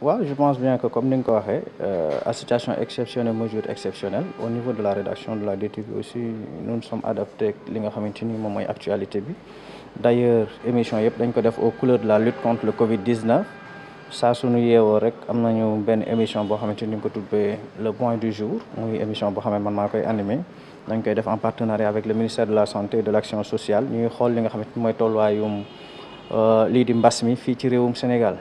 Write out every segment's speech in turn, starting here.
waaw je pense bien que comme ni nga ko waxee à euh, situation exceptionnelle mesure exceptionnelle au niveau de la rédaction de la DTV aussi nous sommes adaptés li nga xamante ni moom mooy actualité bi d'ailleurs émission yëpp dañ ko def aux couleurs de la lutte contre le Covid 19 saa suñu yeewoo rek am nañu benn émission boo xamante ni ñu ko tuddee le point du jour muy émission boo xam ne man maa koy animé dañ koy def en partenariat avec le ministère de la santé et de l'action sociale ñuy xool li nga xamante ni mooy tolluwaayum euh, lii di mbas mi fii ci réewum Sénégal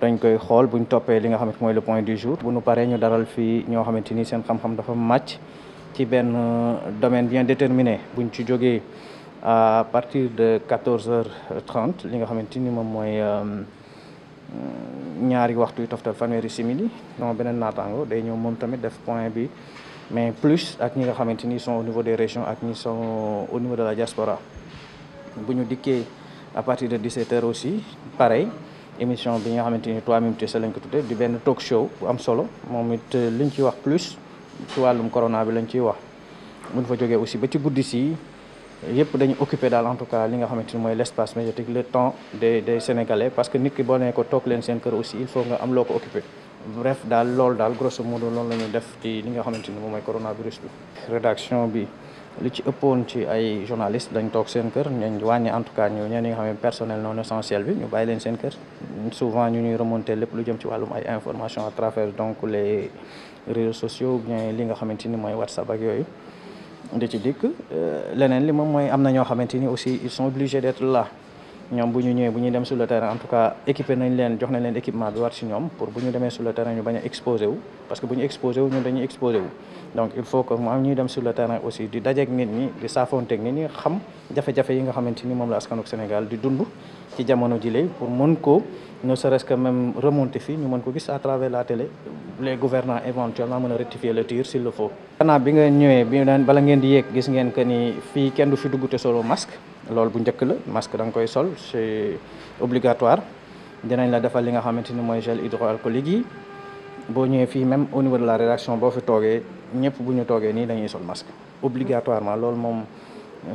dañ koy xool buñ toppee li nga xamante mooy le point du jour bu nu paree ñu daral fii ñoo xamante ni seen xam-xam dafa màcc ci benn euh, domaine bien déterminé buñ ci jógee à partir de 14h30 li nga xamante ni moom mooy euh, ñaari waxtu ta toftal fanweeri simili non beneen naataango day ñëw moom tamit def point bi mais plus ak ñi nga xamante ni sont au niveau des régions ak ñi sont au niveau de la diaspora bu ñu dikkee à partir de 17h aussi pareil émission bi nga xamante ni toi minutes sa lañ ko tuddee di benn talk show bu am solo moom it euh, liñ ciy wax plus ci wàllum corona bi lañ ciy wax mun fa jógee aussi ba ci guddi si yëpp dañu occupé daal en tout cas li nga xamante mooy l' espace médiatique le temps des des parce que nit ki boo nee ko toog leen seen kër aussi il faut nga am loo ko occupé bref daal lool daal grosso modo loolu ñu def ci li nga xamante ni moom mooy coronavirus bi. rédaction bi li ci ëppoon ci ay journalistes dañ toog seen kër ñañ wàññi en tout cas ñu ñenn ñi nga xam personnel non essentiel bi ñu bàyyi leen seen kër souvent ñu ñuy remonter lépp lu jëm ci wàllum ay information à travers donc les réseaux sociaux ou bien li nga xamante ni mooy WhatsApp ak yooyu. di ci dikk euh, leneen li moom mooy am na ñoo xamante ni aussi ils sont obligés d'être ñoom bu ñu ñëwee bu ñuy dem sur le terrain en tout cas équipé nañ leen jox nañ leen équipement bi war ci ñoom pour bu ñu demee sur le terrain ñu bañ a exposé wu parce que bu ñu exposé wu ñun dañuy exposé wu donc il faut que mu am ñuy dem sur aussi di dajeek nit ñi di nit ñi xam jafe-jafe yi nga xamante ni moom la askanuk Sénégal di dund ci jamono ji lay pour mën ko ne serait-ce que même remonter fii ñu mën ko gis à travers la télé le gouvernants éventuellement mën a rectifier le tir s'il le faut. gannaaw bi nga ñëwee bi daan bala ngeen di yéeg gis ngeen que ni fii kenn du fi dugg solo masque lool bu njëkk la masque da nga koy sol c'est obligatoire dinañ la defal li nga xamante ni mooy gel hydroalcoolique yi boo ñëwee fii même au niveau de la rédaction boo fi toogee ñëpp bu ñu toogee nii dañuy sol masque obligatoirement loolu moom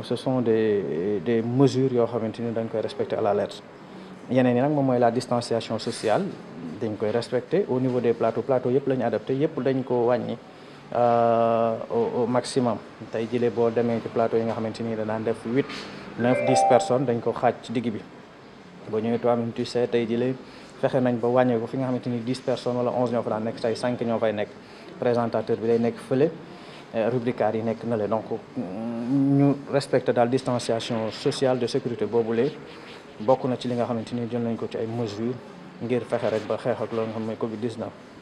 ce son des des mesures yoo xamante ni dañ koy respecter à la lettre yeneen yi n moom mooy la distanciation sociale. dañ koy respecté au niveau des plateaux plateau yëpp la ñu adapté yëpp dañ ko wàññi euh, au maximum tey jile boo demee ci plateau yi nga xamante ni da daan def huit neuf dix personnes dañ ko xaaj ci digg bi boo ñëwee Trois Minutes tu sais tey jile fexe nañ ba wàññee ko fi nga xamante ni dix personnes wala onze ñoo fa daan nekk tey cinq ñoo fay nekk présentateur bi day nekk fële euh, rubricaire yi nekk na le donc ñu respecté daal distanciation sociale de sécurité boobulee bokk na ci li nga xamante ni jël nañ ko ci ay mesures ngir fexe rek ba xeex ak loolu nga xam mooy Covid 19.